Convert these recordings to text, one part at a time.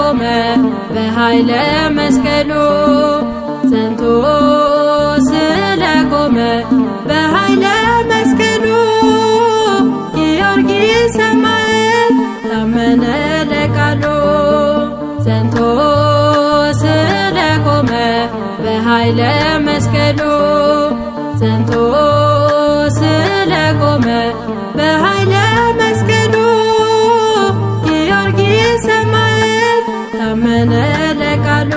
ቆመ በኃይለ መስቀሉ ጸንቶ ስለቆመ በኃይለ መስቀሉ ጊዮርጊስ ሰማዕት ታመነ ለቃሉ ጸንቶ ስለቆመ በኃይለ አመነ ለቃሉ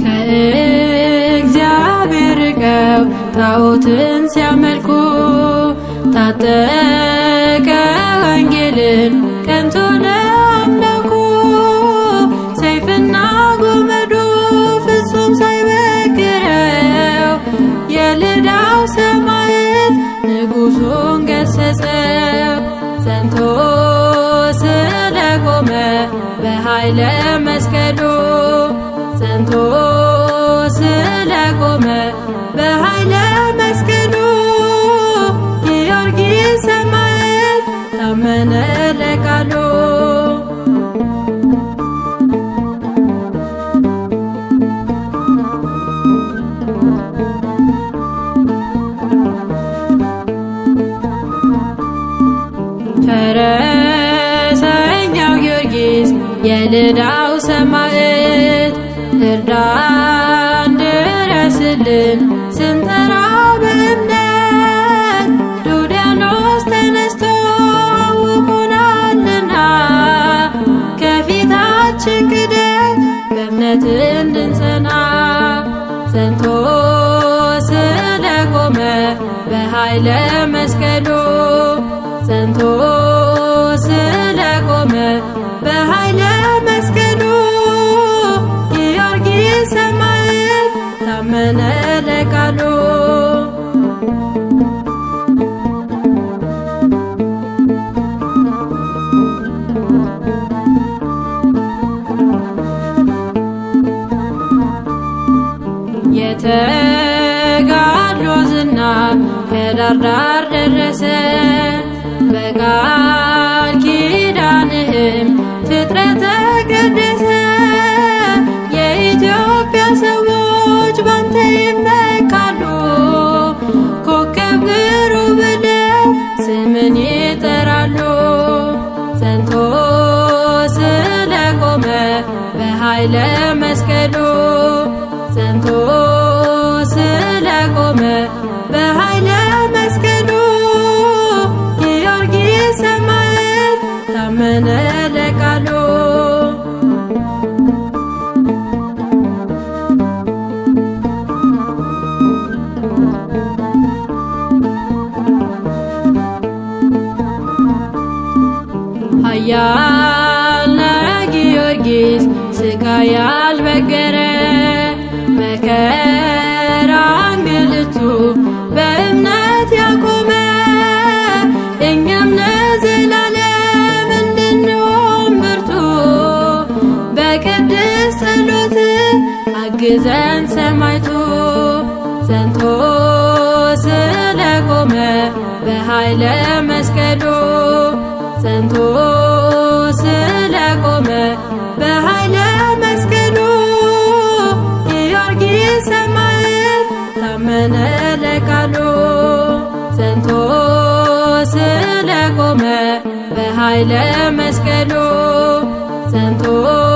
ከእግዚአብሔር ርቀው ጣዖትን ሲያመልኩ ታጠ ጉዞን ገሰጸው ጸንቶ ስለቆመ በኃይለ መስቀሉ ጸንቶ ስለቆመ በኃይለ የልዳው ሰማዕት እርዳን ድረስልን ስንጠራ በእምነት ዶዳኖስ ተነስቶ ውቁናልና ከፊታችን ክደት በእምነት እንድንጸና ጸንቶ ስለቆመ በኃይለ መስቀሉ ዳር ዳር ደረሰ በቃል ኪዳንህም ፍጥረት ተቀደሰ። የኢትዮጵያ ሰዎች ባንተ ይመካሉ ኮከብ ብሩህ ብለው ስምን ይጠራሉ። ጸንቶ ስለቆመ በኃይለ መስቀሉ ጸንቶ ስለቆመ መድኃኒት ስቃይ ያልበገረ መከራ እንግልቱ በእምነት ያቆመ እኛም ለዘላለም እንድንሆን ብርቱ በቅድስ ጸሎት አግዘን ሰማይቱ ጸንቶ ስለቆመ በኃይለ መስቀሉ ጸንቶ ስለቆመ ኃይለ መስቀሉ ጸንቶ